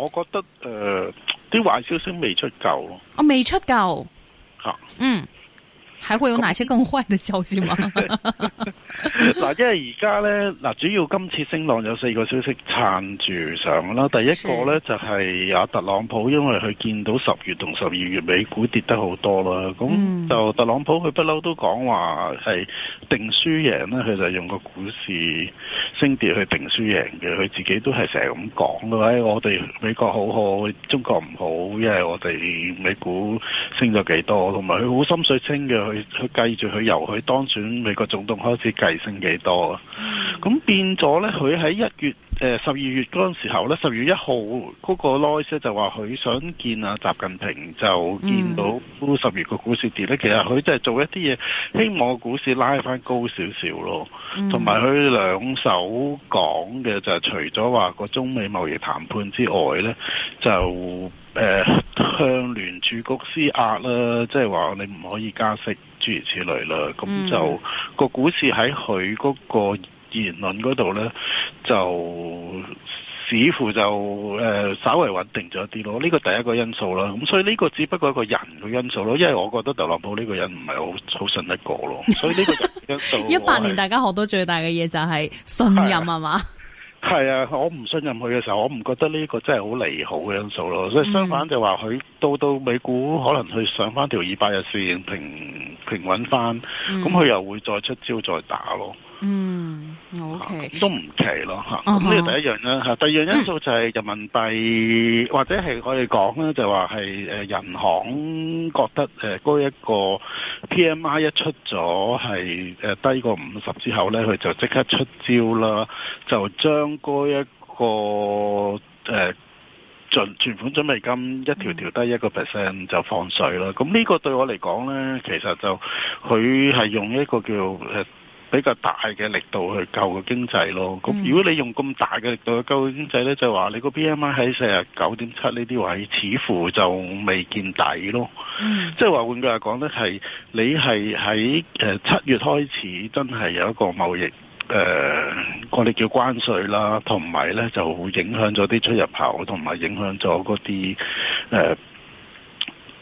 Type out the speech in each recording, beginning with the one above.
我覺得誒啲壞消息未出夠咯，我未出夠吓、啊、嗯。還會有哪些更壞的消息嗎？嗱， 因為而家呢，嗱，主要今次升浪有四個消息撐住上啦。第一個呢，是就係特朗普，因為佢見到十月同十二月美股跌得好多啦，咁就、嗯、特朗普佢不嬲都講話係定輸贏咧，佢就用個股市升跌去定輸贏嘅，佢自己都係成日咁講嘅：哎「喂，我哋美國好，好中國唔好，因為我哋美股升咗幾多，同埋佢好心水清嘅。佢去，去計住佢由佢當選美國總統開始計升幾多啊？咁變咗咧，佢喺一月誒十二月嗰陣時候咧，十月一號嗰個 Loyce 就話佢想見啊習近平，就見到。咁十二個股市跌咧，嗯、其實佢真係做一啲嘢，希望個股市拉翻高少少咯。同埋佢兩手講嘅就係除咗話個中美貿易談判之外咧，就。誒、呃，向聯儲局施壓啦，即係話你唔可以加息，諸如此類啦。咁、嗯、就個股市喺佢嗰個言論嗰度咧，就似乎就誒、呃，稍微穩定咗啲咯。呢個第一個因素啦。咁所以呢個只不過一個人嘅因素咯，因為我覺得特朗普呢個人唔係好好信得過咯。 所以呢個一八 年大家學到最大嘅嘢就係信任係嘛？的係啊，我唔信任佢嘅時候，我唔覺得呢個真係好利好嘅因素咯。所以相反就話佢到到美股可能去上翻條二百日線平平穩翻，咁佢、嗯、又會再出招再打咯。嗯，OK，都唔奇咯，吓咁呢個第一樣啦吓，第二樣因素就係人民幣、嗯、或者係我哋講咧，就話係誒，銀行覺得誒，嗰一個 P M I 一出咗係誒低過五十之後咧，佢就即刻出招啦，就將嗰一個誒存、呃、款準備金一條條低一個 percent 就放水啦。咁呢個對我嚟講咧，其實就佢係用一個叫誒。比較大嘅力度去救個經濟咯。咁如果你用咁大嘅力度去救經濟咧，濟嗯、就話你個 PMI 喺四日九點七呢啲位，似乎就未見底咯。即係話換句話講咧，係你係喺誒七月開始真係有一個貿易誒，我、呃、哋叫關稅啦，同埋咧就會影響咗啲出入口，同埋影響咗嗰啲誒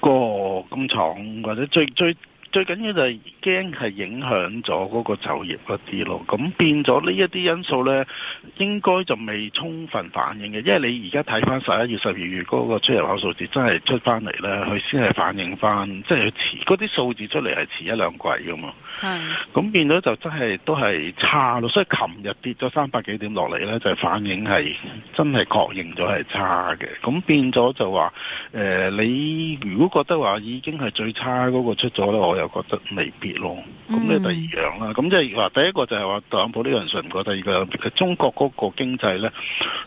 個工廠或者最最。最緊要就係驚係影響咗嗰個就業嗰啲咯，咁變咗呢一啲因素咧，應該就未充分反映嘅，因為你而家睇翻十一月、十二月嗰個出入口數字真，真係出翻嚟咧，佢先係反映翻，即係遲嗰啲數字出嚟係遲一兩季噶嘛。係，咁變咗就真係都係差咯，所以琴日跌咗三百幾點落嚟咧，就反映係真係確認咗係差嘅。咁變咗就話，呃，你如果覺得話已經係最差嗰個出咗咧，我又。我覺得未必咯，咁咧第二樣啦，咁即係話第一個就係話特朗普呢個人信唔過，第二個係中國嗰個經濟咧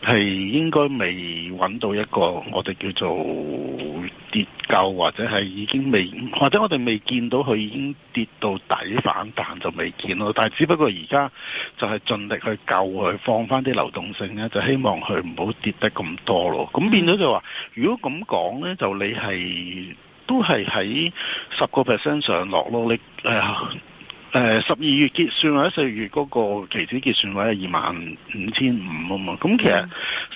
係應該未揾到一個我哋叫做跌夠，或者係已經未或者我哋未見到佢已經跌到底反彈就未見咯，但係只不過而家就係盡力去救佢，放翻啲流動性呢，就希望佢唔好跌得咁多咯。咁變咗就話，如果咁講呢，就你係。都係喺十個 percent 上落咯，你誒誒十二月結算或者四月嗰個期指結算位係二萬五千五啊嘛，咁其實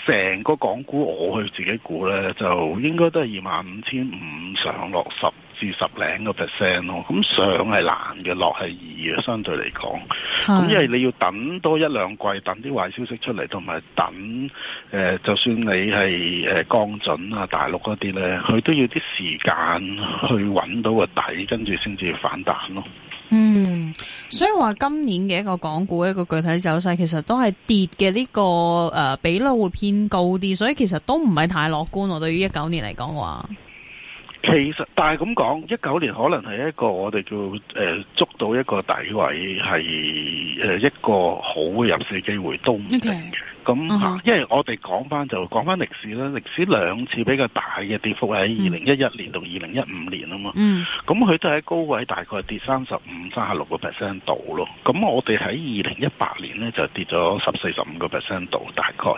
成個港股我去自己估呢，就應該都係二萬五千五上落十。四十零個 percent 咯，咁上係難嘅，落係易嘅，相對嚟講。咁因為你要等多一兩季，等啲壞消息出嚟，同埋等誒，就算你係誒降準啊大陸嗰啲咧，佢都要啲時間去揾到個底，跟住先至反彈咯。嗯，所以話今年嘅一個港股一個具體走勢，其實都係跌嘅呢個誒比率會偏高啲，所以其實都唔係太樂觀。我對於一九年嚟講話。其實，但係咁講，一九年可能係一個我哋叫誒、呃、捉到一個底位，係誒一個好嘅入市機會都唔定。Okay. 咁嚇，因為我哋講翻就講翻歷史啦。歷史兩次比較大嘅跌幅係喺二零一一年到二零一五年啊嘛。咁佢、嗯、都喺高位，大概跌三十五、三十六個 percent 度咯。咁我哋喺二零一八年咧就跌咗十四、十五個 percent 度，大概。咁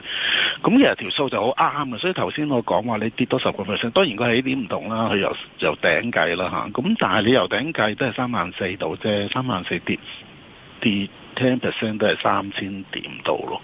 其實條數就好啱嘅，所以頭先我講話你跌多十個 percent，當然佢起點唔同啦，佢又又頂計啦嚇。咁但係你由頂計都係三萬四度啫，三萬四跌跌 ten percent 都係三千點度咯。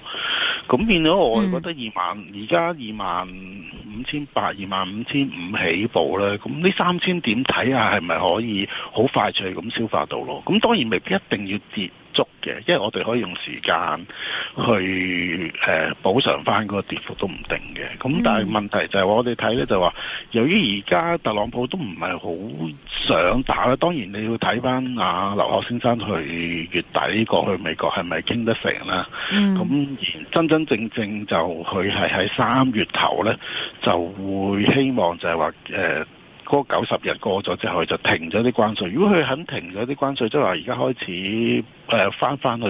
咁變咗，我覺得二萬，而家、嗯、二萬五千八，二萬五千五起步咧。咁呢三千點睇下係咪可以好快脆咁消化到咯？咁當然未必一定要跌。足嘅，因為我哋可以用時間去誒、呃、補償翻嗰個跌幅都唔定嘅。咁但係問題就係我哋睇咧，就話由於而家特朗普都唔係好想打啦。當然你要睇翻啊劉鶴先生去月底過去美國係咪傾得成啦。咁、嗯、而真真正正，正就佢係喺三月頭咧，就會希望就係話誒嗰九十日過咗之後佢就停咗啲關稅。如果佢肯停咗啲關稅，即係話而家開始。誒翻翻去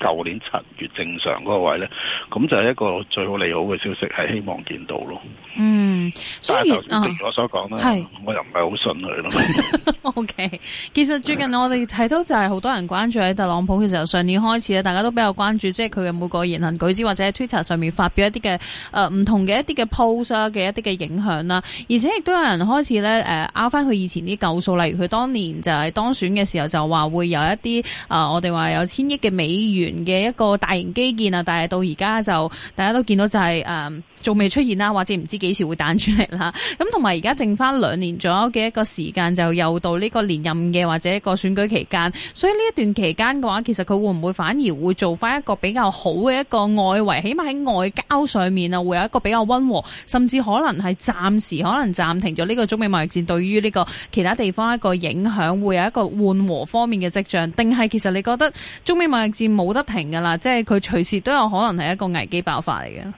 二舊年七月正常嗰個位咧，咁就係一個最好利好嘅消息，係希望見到咯。嗯，所以、啊、正如我所講咧，係是我又唔係好信佢咯。 o、okay. K，其實最近我哋睇到就係好多人關注喺特朗普其實，上、就是、年開始咧，大家都比較關注，即係佢嘅每個言行舉止，或者喺 Twitter 上面發表一啲嘅誒唔同嘅一啲嘅 post 啊嘅一啲嘅影響啦、啊。而且亦都有人開始咧誒拗翻佢以前啲舊數，例如佢當年就係當選嘅時候就話會有一啲誒、呃、我哋話。有千億嘅美元嘅一個大型基建啊，但係到而家就大家都見到就係、是、誒，仲、嗯、未出現啦，或者唔知幾時會彈出嚟啦。咁同埋而家剩翻兩年左右嘅一個時間，就又到呢個連任嘅或者一個選舉期間，所以呢一段期間嘅話，其實佢會唔會反而會做翻一個比較好嘅一個外圍，起碼喺外交上面啊，會有一個比較溫和，甚至可能係暫時可能暫停咗呢個中美貿易戰對於呢個其他地方一個影響，會有一個緩和方面嘅跡象，定係其實你覺得。覺得中美貿易戰冇得停噶啦，即係佢隨時都有可能係一個危機爆發嚟嘅。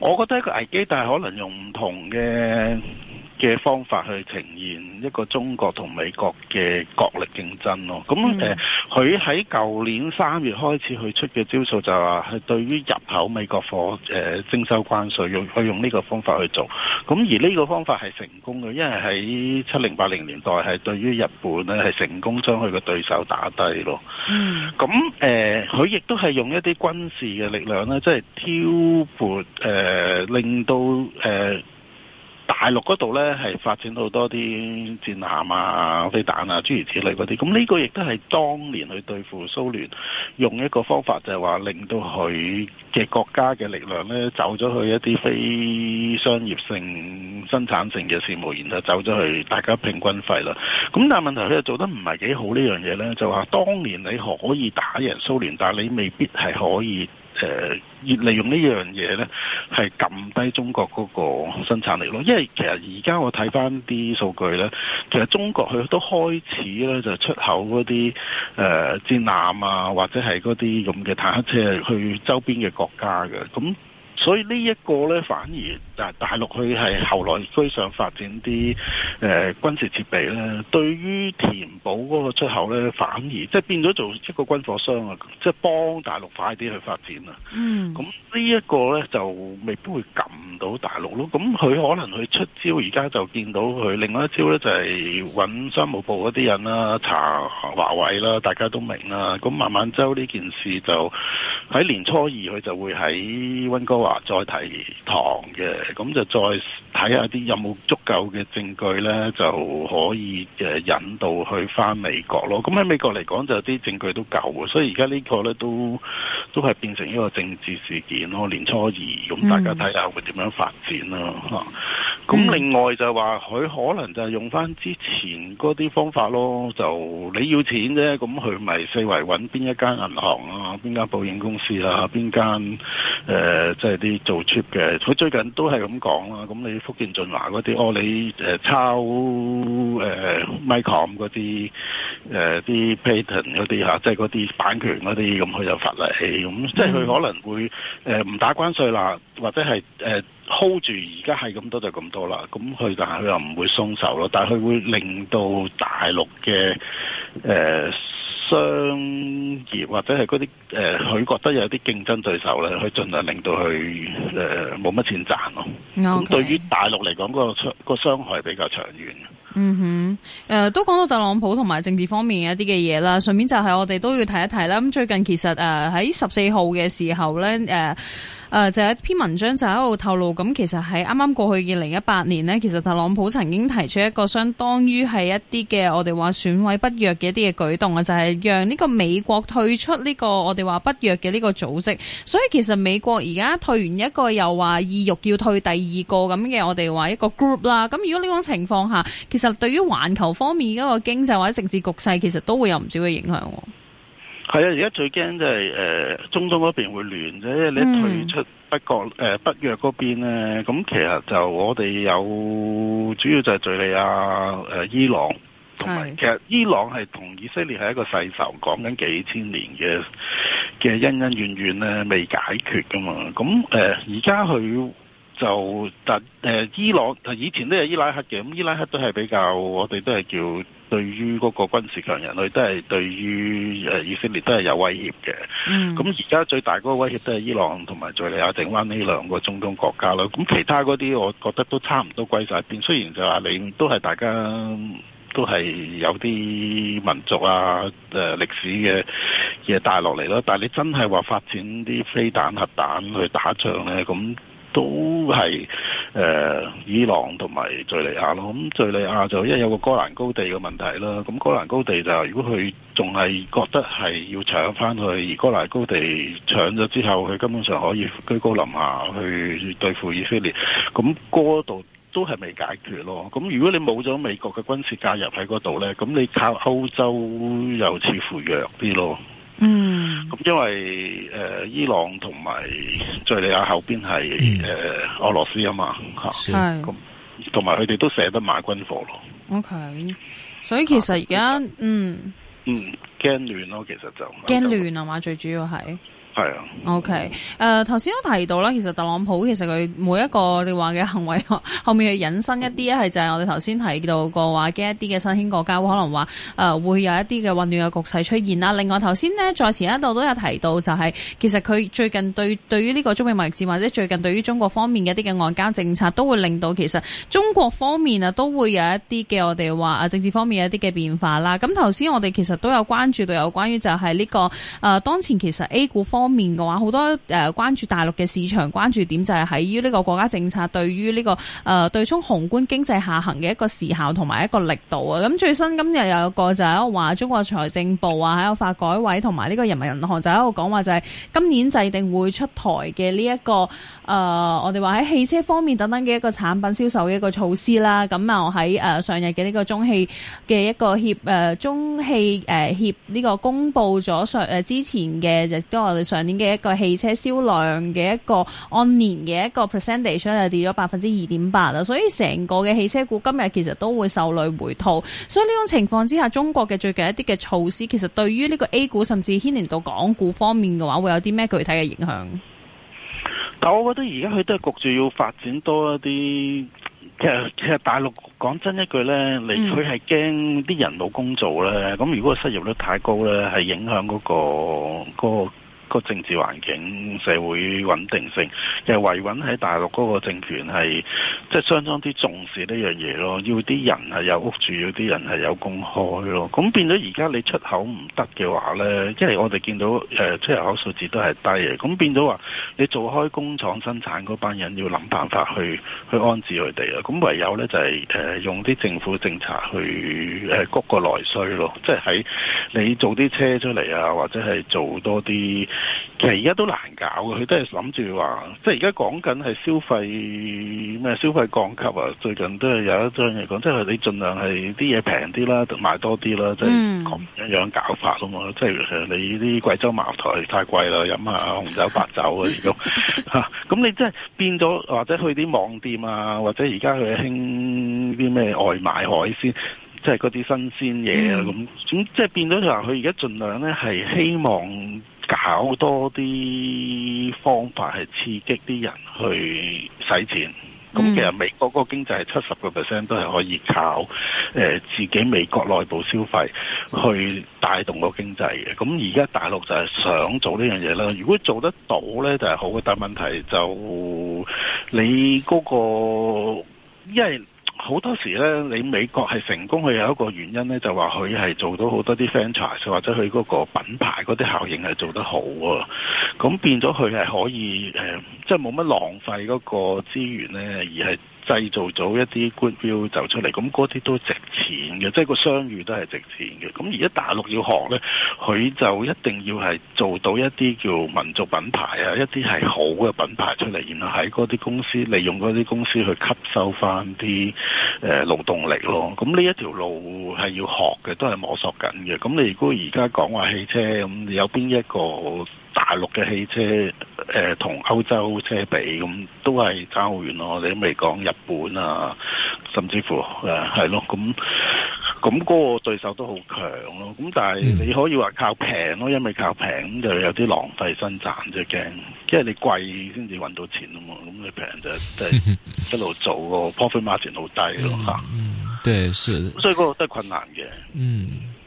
我覺得一個危機，但係可能用唔同嘅。嘅方法去呈現一個中國同美國嘅國力競爭咯。咁誒，佢喺舊年三月開始佢出嘅招數就係、是、話，係對於入口美國貨誒、呃、徵收關稅，用佢用呢個方法去做。咁而呢個方法係成功嘅，因為喺七零八零年代係對於日本咧係成功將佢嘅對手打低咯。咁誒，佢亦都係用一啲軍事嘅力量咧，即係挑撥誒、呃，令到誒。呃大陸嗰度呢，係發展好多啲戰艦啊、飛彈啊諸如此類嗰啲，咁呢個亦都係當年去對付蘇聯用一個方法就，就係話令到佢嘅國家嘅力量呢，走咗去一啲非商業性、生產性嘅事業，然後走咗去大家平均費啦。咁但係問題佢又做得唔係幾好呢樣嘢呢，就話當年你可以打贏蘇聯，但你未必係可以。誒越、呃、利用呢樣嘢咧，係撳低中國嗰個生產力咯。因為其實而家我睇翻啲數據咧，其實中國佢都開始咧就出口嗰啲誒戰艦啊，或者係嗰啲咁嘅坦克車去周邊嘅國家嘅。咁所以呢一個咧反而。但係大陸佢係後來追上發展啲誒軍事設備咧，對於填補嗰個出口咧，反而即係變咗做一個軍火商啊！即係幫大陸快啲去發展啊！嗯，咁呢一個咧就未必會撳到大陸咯。咁佢可能佢出招，而家就見到佢另外一招咧，就係揾商務部嗰啲人啦，查華為啦，大家都明啦。咁孟晚舟呢件事就喺年初二，佢就會喺溫哥華再提堂嘅。咁就再睇下啲有冇足夠嘅證據咧，就可以誒引導佢翻美國咯。咁喺美國嚟講，就啲證據都夠喎。所以而家呢個咧都都係變成一個政治事件咯。年初二咁，大家睇下會點樣發展啦。吓、嗯，咁另外就係話佢可能就係用翻之前嗰啲方法咯。就你要錢啫，咁佢咪四圍揾邊一間銀行啊，邊間保險公司啦、啊，邊間誒即係啲做 cheap 嘅。佢最近都係。咁講啦，咁你福建晉華嗰啲，哦你誒抄誒 Micron 嗰啲誒啲 patent 嗰啲即係嗰啲版權嗰啲，咁佢就罰你咁，即係佢可能會誒唔打關稅啦，或者係誒 hold 住而家係咁多就咁多啦，咁佢但係佢又唔會鬆手咯，但係佢會令到大陸嘅誒。呃商業或者係嗰啲誒，佢、呃、覺得有啲競爭對手咧，佢盡量令到佢誒冇乜錢賺咯、啊。咁 Okay. 對於大陸嚟講，個傷、個傷害比較長遠。嗯哼，誒、呃、都講到特朗普同埋政治方面嘅一啲嘅嘢啦，順便就係我哋都要提一提啦。咁最近其實誒喺十四號嘅時候咧誒。呃誒、呃、就有、是、一篇文章就喺度透露，咁其實喺啱啱過去嘅二零一八年呢，其實特朗普曾經提出一個相當於係一啲嘅我哋話損毀北約嘅一啲嘅舉動啊，就係、是、讓呢個美國退出呢、這個我哋話北約嘅呢個組織。所以其實美國而家退完一個，又話意欲要退第二個咁嘅我哋話一個 group 啦。咁如果呢種情況下，其實對於環球方面嗰個經濟或者政治局勢，其實都會有唔少嘅影響。係啊，而家最驚就係誒，中東嗰邊會亂啫。你退出北國誒北約嗰邊咧，咁、呃、其實就我哋有主要就係敘利亞誒、呃、伊朗同埋，的其實伊朗係同以色列係一個世仇，講緊幾千年嘅嘅恩恩怨怨咧，未解決噶嘛。咁誒，而家佢。就但誒，伊朗以前都有伊拉克嘅，咁伊拉克都係比較，我哋都係叫對於嗰個軍事強人類，佢都係對於誒以色列都係有威脅嘅。嗯，咁而家最大嗰個威脅都係伊朗同埋敘利亞丁灣呢兩個中東國家咯。咁其他嗰啲，我覺得都差唔多歸曬邊，雖然就話你都係大家都係有啲民族啊、誒歷史嘅嘢帶落嚟咯，但係你真係話發展啲飛彈核彈去打仗咧，咁。都係誒、呃、伊朗同埋敍利亞咯，咁敍利亞就因為有個哥蘭高地嘅問題啦，咁哥蘭高地就如果佢仲係覺得係要搶翻去，而哥蘭高地搶咗之後，佢根本上可以居高臨下去對付以色列，咁嗰度都係未解決咯。咁如果你冇咗美國嘅軍事介入喺嗰度呢，咁你靠歐洲又似乎弱啲咯。嗯，咁因為誒、呃、伊朗同埋敘利亞後邊係誒俄羅斯啊嘛吓，係咁同埋佢哋都捨得買軍火咯。OK，所以其實而家、啊、嗯嗯驚亂咯，其實就驚亂啊嘛，最主要係。係啊，OK，誒頭先都提到啦，其實特朗普其實佢每一個你話嘅行為，後面去引申一啲，係就係、是、我哋頭先提到過話嘅一啲嘅新興國家，可能話誒、呃、會有一啲嘅混亂嘅局勢出現啦。另外頭先呢，在前一度都有提到、就是，就係其實佢最近對對於呢個中美貿易戰，或者最近對於中國方面嘅一啲嘅外交政策，都會令到其實中國方面啊，都會有一啲嘅我哋話政治方面有一啲嘅變化啦。咁頭先我哋其實都有關注到有關於就係呢、這個誒、呃、當前其實 A 股方。方面嘅話，好多誒關注大陸嘅市場，關注點就係喺於呢個國家政策對於呢、這個誒、呃、對沖宏觀經濟下行嘅一個時效同埋一個力度啊！咁最新今日又有一個就係我話中國財政部啊喺個發改委同埋呢個人民銀行就喺度講話就係今年制定會出台嘅呢一個誒、呃、我哋話喺汽車方面等等嘅一個產品銷售嘅一個措施啦。咁啊喺誒上日嘅呢個中汽嘅一個協誒中汽誒協呢個公布咗上誒之前嘅亦都我哋上。上年嘅一個汽車銷量嘅一個按年嘅一個 percentage 又跌咗百分之二點八啦，所以成個嘅汽車股今日其實都會受累回吐。所以呢種情況之下，中國嘅最近一啲嘅措施，其實對於呢個 A 股甚至牽連到港股方面嘅話，會有啲咩具體嘅影響？但我覺得而家佢都係焗住要發展多一啲。其實其實大陸講真一句咧，你佢係驚啲人冇工做咧。咁、嗯、如果失業率太高咧，係影響嗰個個。那個個政治環境、社會穩定性，其實維穩喺大陸嗰個政權係即係相當啲重視呢樣嘢咯。要啲人係有屋住，要啲人係有工開咯。咁變咗而家你出口唔得嘅話呢，即係我哋見到誒、呃、出入口數字都係低嘅。咁變咗話，你做開工廠生產嗰班人要諗辦法去去安置佢哋啊。咁唯有呢，就係、是、誒、呃、用啲政府政策去誒谷個內需咯。即係喺你做啲車出嚟啊，或者係做多啲。其實而家都難搞嘅，佢都係諗住話，即係而家講緊係消費咩消費降級啊，最近都係有一張嘢講，即係你盡量係啲嘢平啲啦，賣多啲啦，即係咁樣樣搞法啊嘛，即係，嗯，你啲貴州茅台太貴啦，飲下紅酒白酒 啊，咁吓，咁你即係變咗或者去啲網店啊，或者而家去興啲咩外賣海鮮，即係嗰啲新鮮嘢啊咁，咁即係變咗就話佢而家盡量咧係希望。搞多啲方法係刺激啲人去使錢，咁、嗯、其實美國個經濟係七十個 percent 都係可以靠誒自己美國內部消費去帶動個經濟嘅。咁而家大陸就係想做呢樣嘢啦，如果做得到咧就係、是、好嘅，但問題就你嗰、那個因為。好多時咧，你美國係成功，佢有一個原因咧，就話佢係做到好多啲 franchise 或者佢嗰個品牌嗰啲效應係做得好喎、哦。咁變咗佢係可以誒，即係冇乜浪費嗰個資源咧，而係。製造咗一啲 good view 走出嚟，咁嗰啲都值錢嘅，即係個商譽都係值錢嘅。咁而家大陸要學呢，佢就一定要係做到一啲叫民族品牌啊，一啲係好嘅品牌出嚟，然後喺嗰啲公司利用嗰啲公司去吸收翻啲誒勞動力咯。咁呢一條路係要學嘅，都係摸索緊嘅。咁你如果而家講話汽車咁，有邊一個？大陸嘅汽車誒同、呃、歐洲車比咁、嗯、都係差好遠咯，你都未講日本啊，甚至乎誒係咯，咁咁嗰個對手都好強咯。咁但係你可以話靠平咯，因為靠平就有啲浪費生產啫驚，即係你貴先至揾到錢啊嘛。咁你平就即係、就是、一路做個 profit margin 好低咯嚇、 嗯。嗯，所以嗰個都係困難嘅。嗯。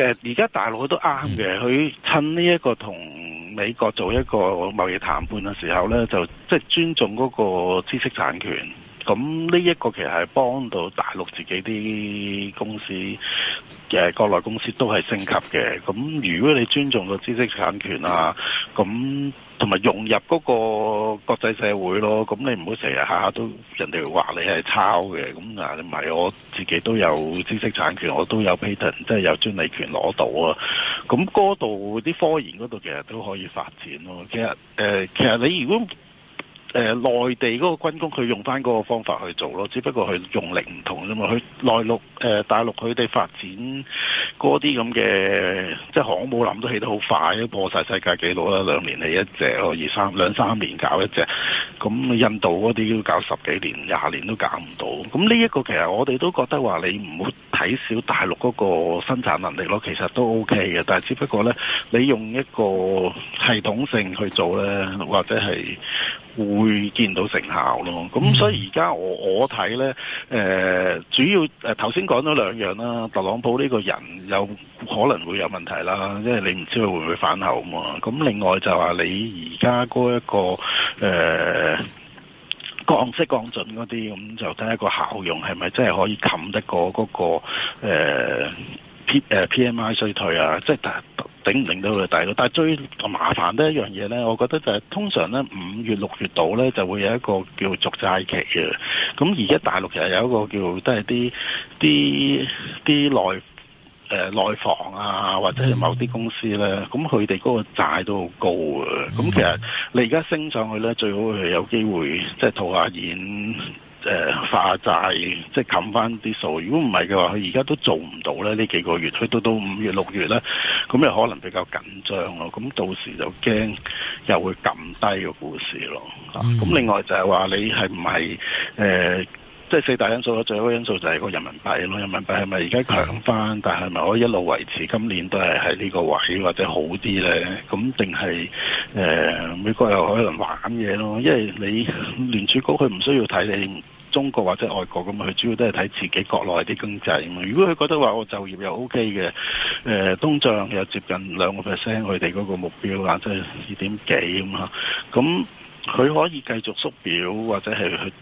誒而家大陸佢都啱嘅，佢趁呢一個同美國做一個貿易談判嘅時候呢，就即係尊重嗰個知識產權。咁呢一個其實係幫到大陸自己啲公司，嘅國內公司都係升級嘅。咁如果你尊重個知識產權啊，咁同埋融入嗰個國際社會咯，咁你唔好成日下下都人哋話你係抄嘅。咁你唔係，我自己都有知識產權，我都有 patent，即係有專利權攞到啊。咁嗰度啲科研嗰度其實都可以發展咯。其實，呃，其實你如果，誒內、呃、地嗰個軍工佢用翻嗰個方法去做咯，只不過佢用力唔同啫嘛。佢內陸誒大陸佢哋發展嗰啲咁嘅，即係航母艦都起得好快，破晒世界紀錄啦，兩年起一隻咯，二三兩三年搞一隻。咁印度嗰啲要搞十幾年、廿年都搞唔到。咁呢一個其實我哋都覺得話你唔好睇小大陸嗰個生產能力咯，其實都 OK 嘅。但係只不過呢，你用一個系統性去做呢，或者係。會見到成效咯，咁所以而家我我睇呢，誒、呃、主要誒頭先講咗兩樣啦，特朗普呢個人有可能會有問題啦，因為你唔知佢會唔會反口嘛。咁另外就話你而家嗰一個誒、呃、降息降準嗰啲，咁、嗯、就睇一個效用係咪真係可以冚得過嗰個、呃 P、uh, PMI 衰退啊，即、就、係、是、頂不頂到頂唔頂到佢大咯。但係最麻煩咧一樣嘢咧，我覺得就係、是、通常咧五月六月度咧就會有一個叫做續債期嘅。咁而家大陸其實有一個叫都係啲啲啲內誒、呃、內房啊，或者係某啲公司咧，咁佢哋嗰個債都好高啊。咁其實你而家升上去咧，最好係有機會即係套下現。誒、呃、化債即係冚返啲數，如果唔係嘅話，佢而家都做唔到咧。呢幾個月，去到到五月六月咧，咁又可能比較緊張咯。咁到時就驚又會冚低個股市咯。咁另外就係話你係唔係誒？呃即係四大因素咯，最好因素就係個人民幣咯。人民幣係咪而家強翻？嗯、但係咪可以一路維持今年都係喺呢個位或者好啲呢？咁定係誒美國又可能玩嘢咯？因為你聯儲局佢唔需要睇你中國或者外國咁啊，佢主要都係睇自己國內啲經濟嘛。如果佢覺得話我就業又 OK 嘅，誒通脹又接近兩個 percent，佢哋嗰個目標啊，即係二點幾咁啊，咁佢可以繼續縮表或者係去。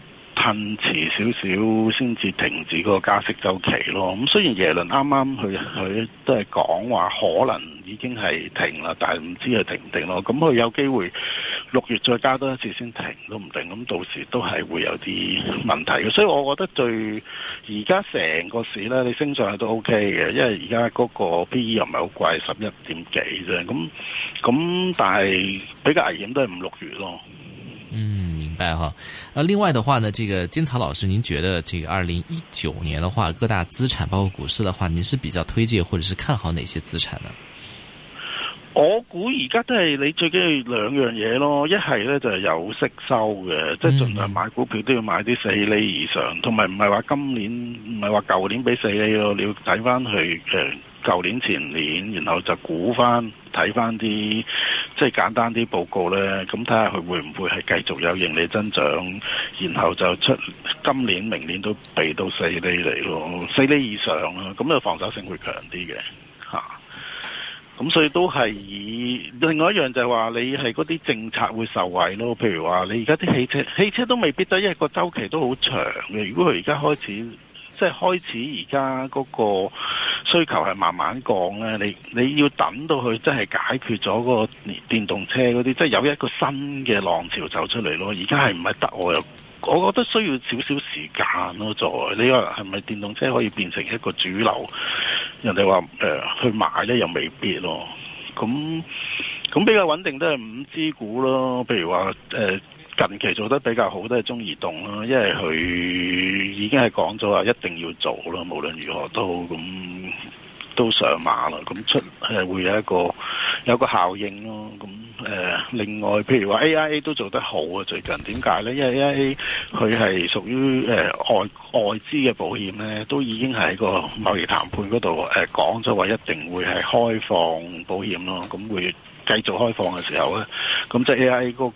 趁遲少少先至停止個加息周期咯。咁雖然耶倫啱啱佢佢都係講話可能已經係停啦，但係唔知佢停唔停咯。咁佢有機會六月再加多一次先停都唔定。咁到時都係會有啲問題嘅。所以我覺得最而家成個市咧，你升上去都 OK 嘅，因為而家嗰個 PE 又唔係好貴，十一點幾啫。咁咁，但係比較危險都係五六月咯。哎，另外的話呢，這個金曹老師，您覺得這個二零一九年的話，各大資產包括股市的話，您是比較推薦或者是看好哪些資產呢？我估而家都係你最緊要兩樣嘢咯，一係呢，就係有息收嘅，即係盡量買股票都要買啲四厘以上，同埋唔係話今年唔係話舊年俾四厘咯，你要睇翻去舊年前年，然後就估翻睇翻啲即係簡單啲報告呢。咁睇下佢會唔會係繼續有盈利增長，然後就出今年明年都俾到四厘嚟咯，四厘以上啦，咁嘅防守性會強啲嘅嚇。咁、啊、所以都係以另外一樣就係話你係嗰啲政策會受惠咯，譬如話你而家啲汽車汽車都未必得，因為個周期都好長嘅。如果佢而家開始即係開始而家嗰個。需求係慢慢降咧，你你要等到佢真係解決咗嗰個電動車嗰啲，即係有一個新嘅浪潮走出嚟咯。而家係唔係得我？又我覺得需要少少時間咯，再你話係咪電動車可以變成一個主流？人哋話誒去買咧又未必咯。咁咁比較穩定都係五 G 股咯，譬如話誒、呃、近期做得比較好都係中移動啦，因為佢已經係講咗話一定要做咯，無論如何都好咁。都上馬啦，咁出誒會有一個有一個效應咯。咁誒、呃、另外，譬如話 AIA 都做得好啊，最近點解呢？因為 AIA 佢係屬於誒、呃、外外資嘅保險呢，都已經係喺個貿易談判嗰度誒講，咗、呃、話一定會係開放保險咯。咁會繼續開放嘅時候呢，咁即係 AIA 嗰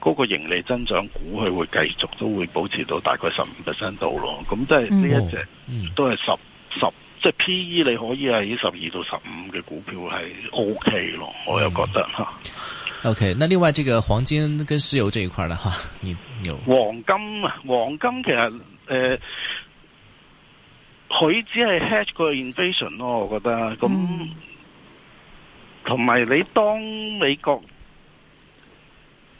個嗰個盈利增長股，佢會繼續都會保持到大概十五 percent 度咯。咁即係呢一隻都係十十。嗯即係 PE 你可以係喺十二到十五嘅股票係 OK 咯，我又覺得吓。嗯、o、okay, K，那另外這個黃金跟石油這一塊呢吓，有 you 黃金，黃金其實誒，佢、呃、只係 hedge 個 invasion 咯，我覺得咁，同埋、嗯、你當美國。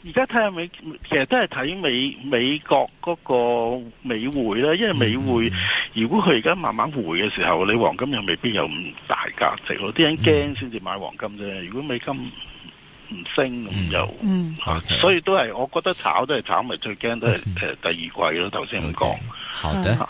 而家睇下美，其實都係睇美美國嗰個美匯啦。因為美匯如果佢而家慢慢回嘅時候，你黃金又未必有咁大價值，啲人驚先至買黃金啫。如果美金唔升咁又，就嗯嗯、所以都係我覺得炒都係炒，咪最驚都係誒、嗯、第二季咯。頭先咁講，okay, 好的。